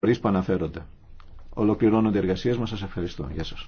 φορείς που αναφέρονται. Ολοκληρώνονται οι εργασίες μας. Σας ευχαριστώ. Γεια σας.